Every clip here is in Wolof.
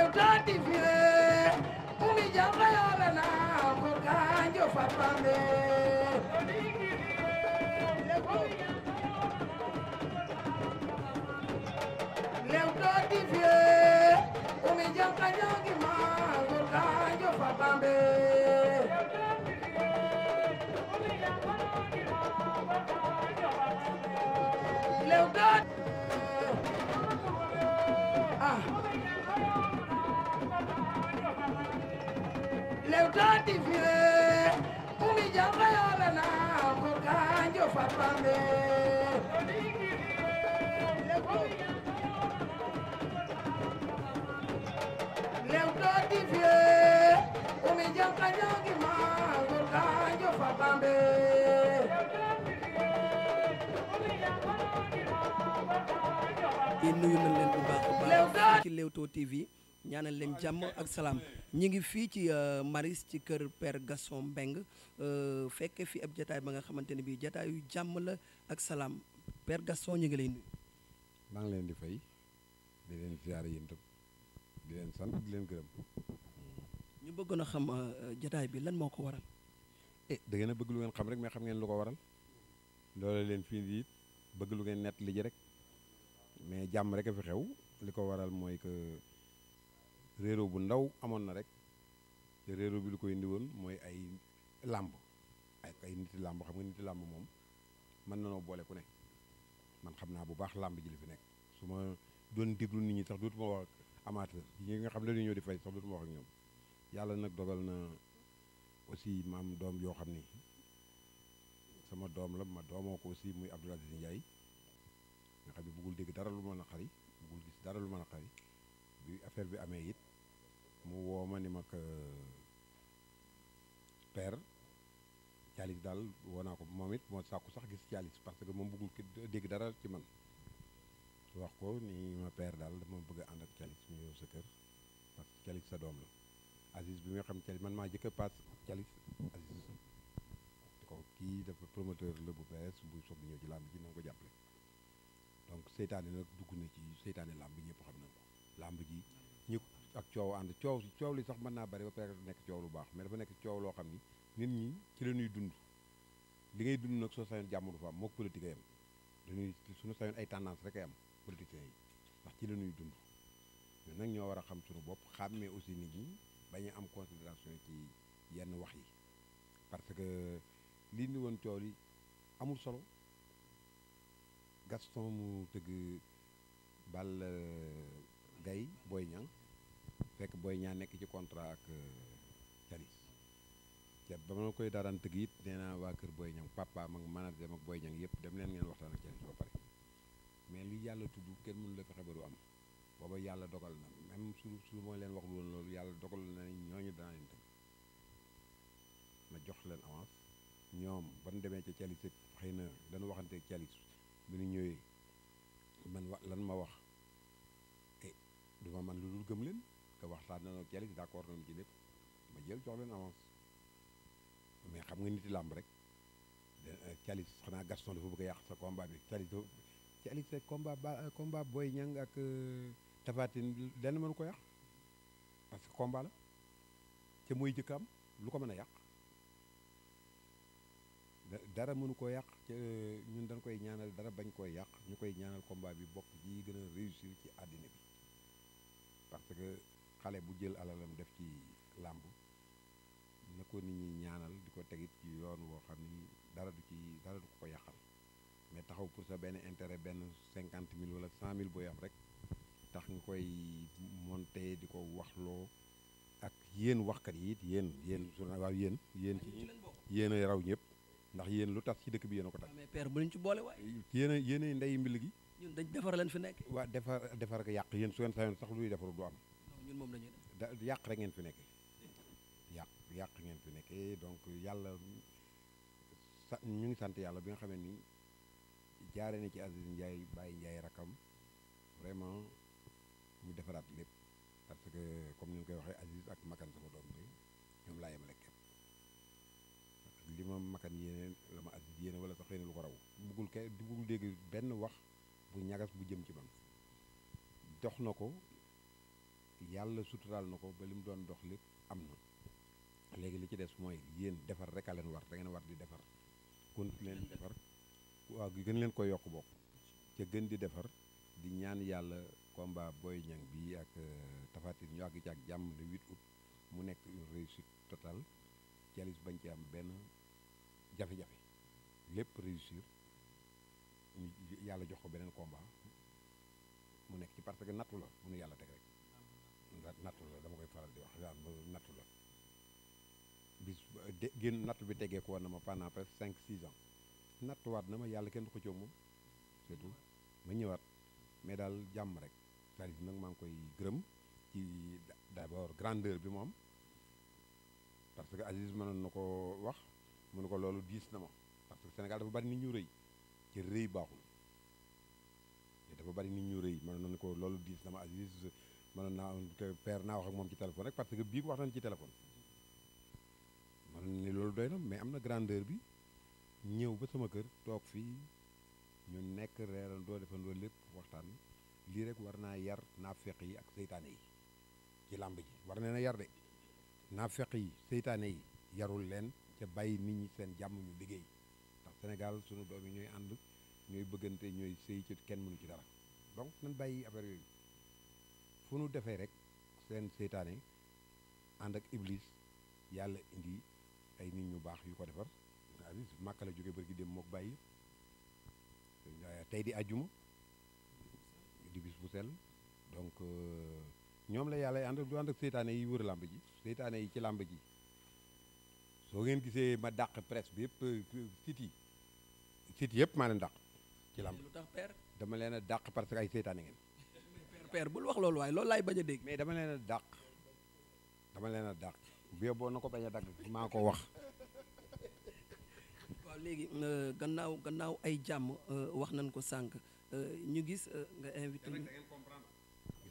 lewtati fire umi jamba yolana ko kanjo fappambe lewtati fire umi jamba jogima ko kanjo fappambe lewtati tatifié umi jamba yala na ko kanjo fapambe lew tatifié umi jamba nyogi nuyu nañ leen bu baax a baax ci Leewtoo TV ñaanal jàmm ak salaam ñu ngi fii ci euh, Maris ci kër Père Gaston Mbengue euh, fekke fi ab jataay ba nga xamante ne bii jataayu jàmm la ak salaam per gason ñu ngi lay nuyu. ngi leen di fay di leen ziare yéen itam di leen sant di leen gërëm. ñu bëggoon a xam euh, jataay bi lan moo ko waral. eh da a bëgg lu ngeen xam rek mais xam ngeen lu ko waral loola leen fii di it bëgg lu ngeen nett li ji rek mais jàmm rek a fi xew li ko waral mooy que. réeróo bu ndaw amoon na rek te réeróo bi lu koy indi mooy ay làmb ay ay niti làmb xam nga niti làmb moom mën na boole ku ne man xam naa bu baax làmb ji li fi nekk su ma doon déglu nit ñi sax dootuma wax ak amateur nga xam ne dañoo di fay sax dootuma ak ñoom yàlla nag dogal na aussi maam doom yoo xam ni sama doom la ma doomoo ko aussi muy Abdoul Aziz Ndiaye nga xam ne bëggul dégg dara lu mën a xari bëggul gis dara lu ma a xari bi affaire bi amee it mu woo ma ni mag ko père Thialis daal woo naa ko moom it moo sàkku sax gis Thialis parce que moom bëggul ki dégg dara ci man wax ko ni ma père daal dama bëgg a ànd ak Thialis ñu yow sa kër parce que Thialis sa doom la Aziz bi nga xam Thialis man maa jëkk a paas Thialis Aziz ko kii dafa promoteur la bu bees buy soog di ñëw ci làmb ji na ko jàppale donc seytaane nag dugg na ci seytaane làmb ji ñëpp xam na ko làmb ji ak coow ànd coow coow li sax mën naa bari ba pare nekk coow lu baax mais dafa nekk coow loo xam ni nit ñi ci la ñuy dund li ngay dund nag soo sañoon jàmm du fa am mook politique yam dañuy suñu sañoon ay tendance rek ay am politiciens yi ndax ci la ñuy dund nag ñoo war a xam suñu bopp xàmmee aussi nit ñi bañ a am considération ci yenn wax yi parce que lii ni woon coow li amul solo Gaston mu tëgg Balla Gaye Boy Niang fekk Boy Niang nekk ci contrat ak Calis euh, ca ba ma koy daaraan tëgg it nee waa kër Boy Niang papa mag manager mag Boy Niang yëpp dem leen ngeen waxtaan ak Calis boo pare mais li yàlla tudd kenn mënu la fexe ba am booba yàlla dogal na même su su mooy leen wax loolu loolu yàlla dogal na ñooñu danaa leen tëgg ma jox leen avance ñoom ba nu demee ca Calis it xëy na dañu waxante Calis bi ñu ñëwee man wa lan ma wax eh duma man lu dul gëm leen que waxtaan nañoo ak yàlla d'accord nañu ci lépp ma jël jox leen avance mais xam nga nit làmb rek calis euh, xanaa Gaston dafa bëgg a yàq sa combat bi calis do calis sa combat ba euh, combat Boy Niang ak euh, Tapha Tine lenn mënu ko yàq parce que combat la te mooy jëkkaam lu ko mën a yàq dara mënu koo yàq ñun dañ koy ñaanal dara bañ koo yàq ñu koy ñaanal combat bi bokk ji gën réussir ci àddina bi parce que xale bu jël alalam def ci làmb na ko nit ñi ñaanal di ko tegit ci yoon woo xam ni dara du ci dara du ko ko yàqal mais taxaw pour sa benn intérêt benn cinquante mille wala cent mille booy am rek tax nga koy monter di ko waxloo ak yéen waxkat yi it yéen yéen waaw yéen yéen ci yéen a raw ñëpp ndax yéen lu tas ci dëkk bi yéen a ko tas ah, mais père ci boole waay yéen a yéen a ndey mbil gi ñun dañ defar leen fi nekk waa defar defar yàq yéen su ngeen sayoon sax luy defar du am moom la ñuy def yàq rek ngeen fi nekkee yàq yàq ngeen fi nekkee donc yàlla sa ñu ngi sant yàlla bi nga xamee ni jaare na ci Aziz Ndiaye bàyyi Ndiaye rakam vraiment ñu defaraat lépp parce que comme ni ñu koy waxee Aziz ak Makan sama doom bi ñoom laa yemale képp li ma Makan yéene la ma Aziz yéene wala sax xëy lu ko raw buggul kay buggul dégg benn wax bu ñagas bu jëm ci man dox na ko yàlla suturaal na ko ba li mu doon dox lépp am na léegi li ci des mooy yéen defar rek a leen war da ngeen war di defar kon leen defar waaw gën leen koy yokk bokk ca gën di defar di ñaan yàlla combat Boy Niang bi ak euh, Tapha ñu àgg ci ak jàmm le 8 août mu nekk une réussite totale bañ ci am benn jafe-jafe lépp réussir yàlla jox ko beneen combat mu nekk ci parce que nattu la mu yàlla teg rek nattu la dama koy faral di wax daal nattu la bis de génn nattu bi tegee ko woon na ma pendant presque cinq six ans waat na ma yàlla kenn du ko coow moom ma ñëwaat mais daal jàmm rek daal bi nag maa ngi koy gërëm ci d'abord grandeur bi moom parce que Aziz mënoon na ko wax mu ne ko loolu diis na ma parce que Sénégal dafa bari nit ñu rëy ci rëy baaxul dafa bari nit ñu rëy mënoon na ko loolu diis na ma Aziz mënoon naa am père naa wax ak moom ci téléphone rek parce que bii wax nañ ci téléphone man ni loolu doy na mais am na grandeur bi ñëw ba sama kër toog fii ñu nekk reerandoo defandoo lépp waxtaan lii rek war naa yar naafeq yi ak seytaane yi ci làmb ji war nee na yar de naafeq yi seytaane yi yarul leen ca bàyyi nit ñi seen jàmm ñu liggéey ndax Sénégal sunu doom yi ñooy ànd ñooy bëggante ñooy sëy ci kenn mënu ci dara donc nan bàyyi affaire yooyu fu defee rek seen seytaane ànd ak iblis yàlla indi ay nit ñu baax yu ko defar abis la jóge bërgi dem mook bàyyi tey di àjjuma di bis bu sell donc euh, ñoom la yàlla ànd du ànd ak seytaane yi wër làmb ji seytaane yi ci làmb ji soo ngeen gisee ma dàq presse bi yëpp site yi site yëpp maa leen dàq ci làmb dama leen a dàq parce que ay seytaane ngeen père bul wax loolu waaye loolu laay bañ a dégg. mais dama leen a dàq dama leen a dàq bi boo na ko bañ a dàq maa ko wax. waaw léegi euh, gannaaw gannaaw ay jàmm euh, wax nañ ko sànq euh, ñu gis nga invité. ñu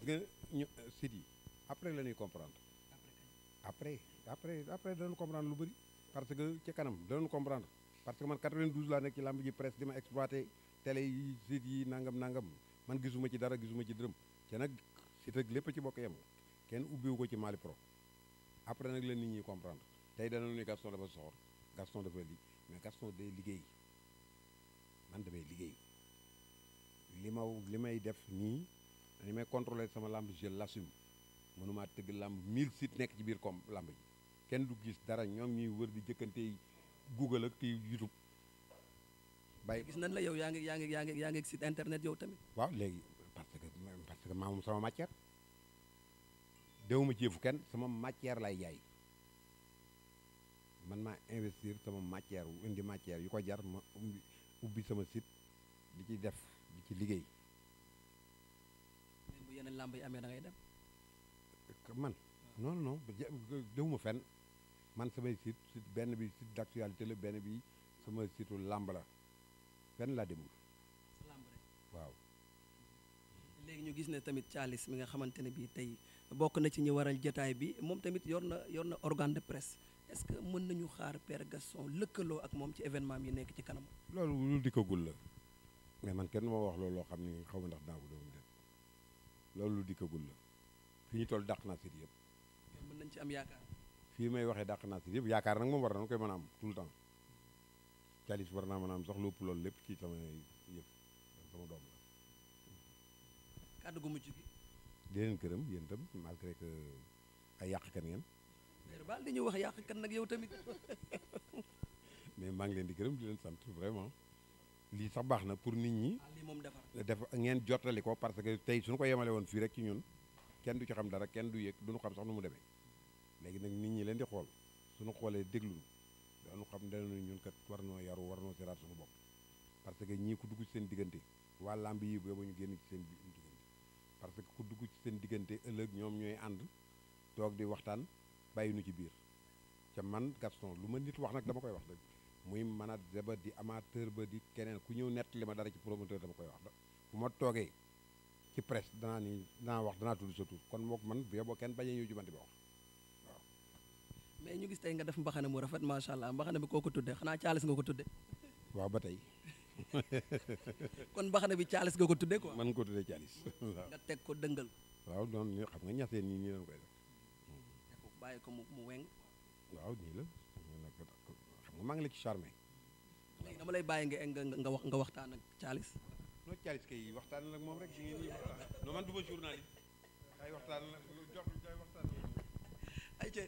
gis nga sit yi après la ñuy comprendre. après après après danañ comprendre lu bëri parce que ci kanam danañ comprendre parce que man 92 laa nekk ci làmb ji presse di ma exploité télé yi sit yi nangam nangam man gisuma ci dara gisuma ci dërëm te nag si teg lépp ci bokk yem kenn ubbiwu ko ci Mali Pro après nag la nit ñi comprendre tey dana nu Gaston dafa soxor Gaston dafa li mais Gaston day liggéey man damay liggéey li ma li may def nii li may contrôler sama lamb je l'assume mënumaa tëgg lamb mille sites nekk ci biir comme lamb ji kenn du gis dara ñoom ñuy wër di jëkkante Google ak kii YouTube. bàyyi gis nañ la yow yaa ngi yaa ngi yaa ngi yaa ngi site internet yow tamit. waaw léegi parce que maa moom sama matière dewuma jéefu kenn sama matière lay jaay man maa investir sama matière wu indi matière yu ko jar ma ubbi sama site di ci def di ci liggéey. bu yeneen làmb yi amee dangay ngay dem. man non non dewuma fen man samay site site benn bi sit d'actualité la benn bi sama situ làmb la fenn laa demul. waaw. léegi ñu gis ne tamit Thialis mi nga xamante ne bii tey bokk na ci ñi waral jataay bi moom tamit yor na yor na organe de presse est-ce que mën nañu xaar Père Gaston lëkkaloo ak moom ci événement yi nekk ci kanam. loolu lu di gul la mais man kenn moo wax loolu loo xam ni xaw ma ndax naa loolu lu di gul la fi ñu toll dàq naa si yëpp. mën nañ ci am yaakaar. fii may waxee dàq naa si yëpp yaakaar nag moom war nañu koy mën a am tout le temps Thialis war naa mën am sax lu ëpp loolu lépp ci sama yëf sama kàddu gu mujj gi. di leen gërëm yéen itam malgré que ay yàqkat ngeen. baal dañuy wax yàqkat nag yow tamit. mais maa ngi leen di gërëm di leen sant vraiment. lii sax baax na pour ni ñi. Ah, moom defar def ngeen jottali ko parce que tey suñu ko yemale woon fii rek ci ñun. kenn du ci xam dara kenn du yëg duñu xam sax nu mu demee. léegi nag ni ñi leen di xool suñu xoolee déglu dañu xam dañu ñun kat war noo yaru war noo siraat suñu bopp. parce que ñii ku dugg ci seen diggante waa làmb yi ba ñu génn ci seen parce que ku dugg ci seen diggante ëllëg ñoom ñooy ànd toog di waxtaan bàyyi nu ci biir ca man Gaston lu ma nit wax nag dama koy wax rek muy manager ba di amateur ba di keneen ku ñëw nett li ma dara ci promoteur dama koy wax da bu ma toogee ci presse danaa ni danaa wax danaa tudd sa tur kon mook man bu yeboo kenn bañee ñëw jubanti ba wax waaw ñu gis tey nga def mbaxana mu rafet macha allah mbaxane bi koo ko tudde xanaa caalis nga ko tudde waaw ba tey kon baxana bi caalis nga ko tuddee quoi. man nga ko tuddee caalis nga teg ko dëngal. waaw noonu ñu xam nga ñaxte nii nii lañ koy def. ko bàyyi ko mu mu weng. waaw la xam nga maa la ci charmé. léegi dama lay bàyyi nga nga wax nga waxtaan ak caalis. noo caalis kay waxtaan ak moom rek si ngeen ñëw waxtaan la lu ay ca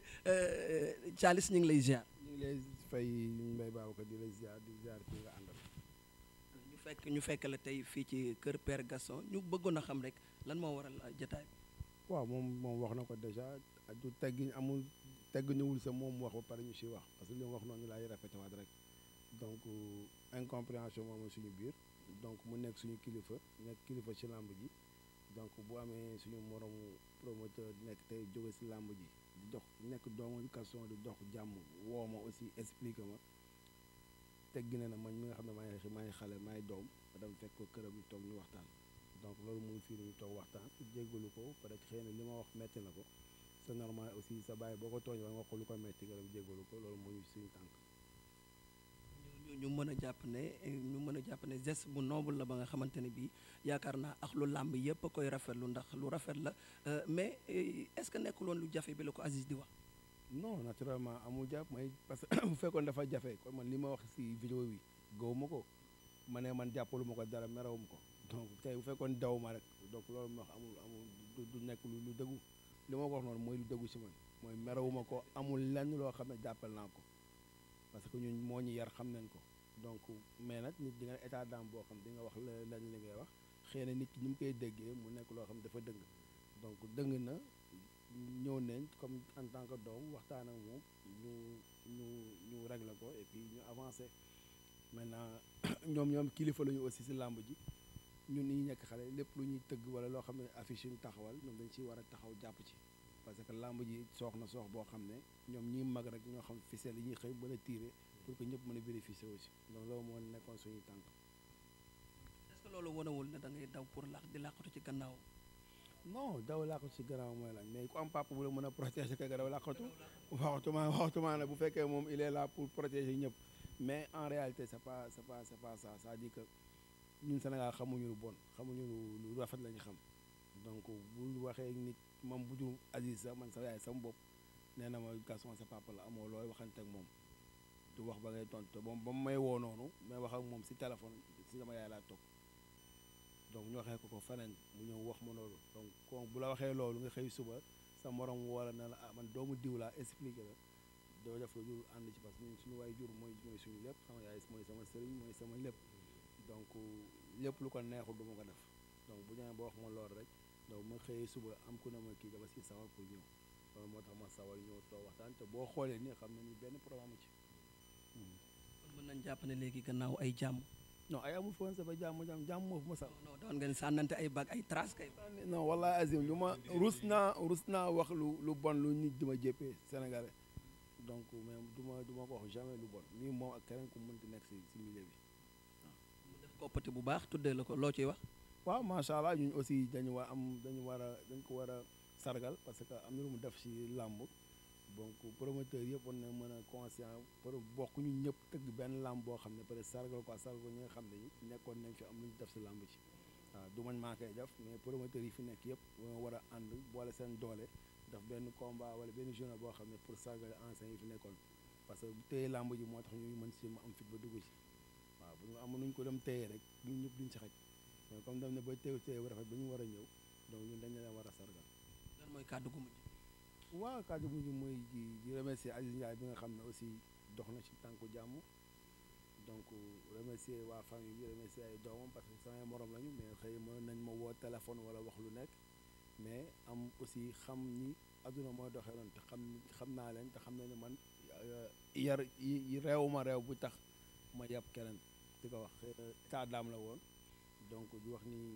Thialis ñu ngi lay ziar. ñu ngi lay fay mbay Babacar di lay ziar di ziar fi nga ànd fekk ñu fekk la tey fii ci kër Père Gaston ñu bëggoon a xam rek lan moo waral euh, jotaay bi. waaw moom moom wax na ko dèjà du teggi amul tegg ñëwul sa moom wax ba pare ñu si wax parce que li wax noonu laay répété waat rek donc euh, incompréhension moo amoon suñu biir donc mu nekk suñu kilifa nekk kilifa ci làmb ji donc bu amee suñu moromu promoteur nekk tey jóge si làmb ji dox nekk doomu Gaston di dox jàmm woo ma aussi expliqué ma. te teggin na mañ mi nga xam ne maay maay xale maay doom ma dem fekk ko këram ñu toog ñu waxtaan donc loolu mooy fii ñu toog waxtaan jéggalu ko peut être xëy li ma wax metti na ko c'est normal aussi sa bàyyi boo ko tooñ war nga ko metti nga dem jéggalu ko loolu mooy suñu tànk ñu mën a jàpp ne ñu mën a jàpp ne geste bu noble la ba nga xamante ne bii yaakaar naa ak lu làmb yëpp a koy rafetlu ndax lu rafet la euh, mais euh, est-ce que nekkuloon lu jafe bi la ko Aziz di wax non naturellement amu jàpp mooy parce que bu fekkoon dafa jafe kon man ni ma wax si vidéo bi gaw ma ko ma ne man jàppalu ma ko dara merawum ko donc tey bu fekkoon daw ma rek donc loolu ma amul amul du nekk lu dëggu li ma ko noonu mooy lu dëggu si man mooy merewuma ko amul lenn loo xam ne jàppal naa ko parce que ñun moo ñu yar xam nañ ko donc mais nag nit di nga état d'âme boo xam di nga wax lenn li ngay wax xëy na nit ki ni mu koy déggee mu nekk loo xam dafa dëng donc dëng na ñëw nañ comme en tant que doom waxtaan ak moom ñu ñu ñu réglé ko et puis ñu avancé maintenant ñoom ñoom kilifa la ñu aussi si làmb ji ñun ñu nekk xale lépp lu ñuy tëgg wala loo xam ne affiche yu ñu taxawal ñoom dañu ciy war a taxaw jàpp ci parce que làmb ji soox na soox boo xam ne ñoom ñii mag rek ñoo xam ficelle yi ñuy xëy bala a tirer pour que ñëpp mën a bénéficier aussi loolu loolu moo nekkoon suñu tànk. est-ce que loolu wanawul ne da ngay daw pour làq di làqatu ci gannaaw. non daw làqu ci gannaaw mooy lañ mais ku am papa bu la mën a protéger kay nga daw làqatu waxtuma bu fekkee moom il est là pour protéger ñëpp mais en réalité sa pas c'est pas c'est pas ça c'est-à-dire que ñun xamuñu lu bon xamuñu lu lu rafet lañu xam donc bu waxee nit moom bu jur Aziz sax man sa yaay sama bopp nee na ma Gaston sa papa la amoo looy waxanteek moom du wax ba ngay tontu moom ba mu may woo noonu may wax ak moom si téléphone si sama yaay laa toog donc ñu waxee ko ko feneen mu ñëw wax ma loolu donc kon bu la waxee loolu nga xëy suba sa morom wala na la ah man doomu diw laa expliqué la doo def lu ànd ci parce que ñun waay jur mooy mooy suñu lépp sama yaay mooy sama sëriñ mooy sama lépp donc lépp lu ko neexul duma ma ko def donc bu ñëwee boo wax ma loolu rek donc ma xëyee suba am ku ne ma kii Tabaski sawar pour ñëw loolu moo tax ma sawar ñëw toog waxtaan te boo xoolee nii xam ñu benn programme ci. mën nañ jàpp ne léegi gannaaw ay jàmm. non ay amul foon sama jàmm jàmm jàmm moo fu ma sax non doon ngeen sànnante ay bag ay trace kay non wallaahi azim lu ma rus naa rus naa wax lu lu bon lu nit di ma jéppee sénégalais donc mais du du ma ko wax jamais lu bon nii moom ak keneen ku mënti nekk si si milieu bi mu bu baax tuddee la ko loo ciy wax waaw macha allah ñun aussi dañu war am dañu war a dañ ko war a sargal parce que am na lu mu def si làmb donc promoteur yëpp war na mën a conscient pour bokk ñu ñëpp tëgg benn làmb boo xam ne peut être sargal quoi sargal ñi nga xam ne nekkoon nañ fi am lu def si làmb ci waaw du man maa koy def mais promoteurs yi fi nekk yëpp ñoo war a ànd boole seen doole daf benn combat wala benn journée boo xam ne pour sargal anciens yi nekkoon parce que téye làmb ji moo tax ñu mën si ma am fit ba dugg ci waaw bu ñu nuñ ko dem téye rek ñun ñëpp duñ si xaj mais comme dem ne ba téye téye bu rafet ba ñu war a ñëw donc ñun dañ leen war a sargal. lan mooy kàddu gu mujj waaw kàddu mujj mooy di di remercier Aziz bi nga xam ne aussi dox na ci tànk jàmm donc remercier waa famille bi remercier ay doomam parce que samay moroom lañu mais xëy mënoon nañ ma woo téléphone wala wax lu nekk mais am aussi xam ni adduna mooy doxee noonu te xam xam naa leen te xam ne ne man euh, yar réew ma réew bu tax ma yàpp keneen di ko wax euh, état d'âme la woon donc di wax ni ñu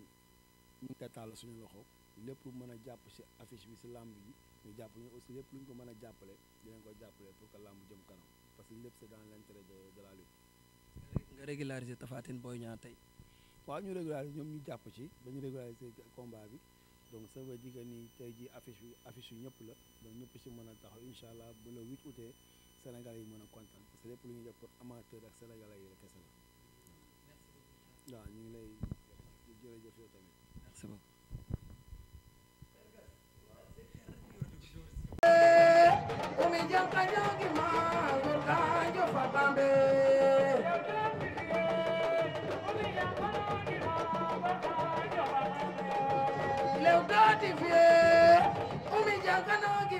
ngi koy tàll suñu loxo. lépp mën a jàpp si affiche bi si làmb yi ñu jàpp ñu aussi lépp lu ñu ko mën a jàppale dinañ ko jàppale pour que làmb jëm kanam parce que lépp c'est dans l'intérêt de de la nga régulariser Tapha Tine Boy Niang tey. waaw ñu régulariser ñoom ñu jàpp ci ba ñu régulariser combat bi donc ça veut dire que tey jii affiche bi affiche yu ñëpp la donc ñëpp si mën a taxaw incha allah ba le 8 août Sénégal yi mën a kontaan parce que lépp lu ñu def pour amateur ak sénégalais yi la kese la waaw ñu ngi lay jërëjëf yow tamit merci beaucoup Umijang kajogi mangur kajo fatambe Leutati fie Umijang kanogi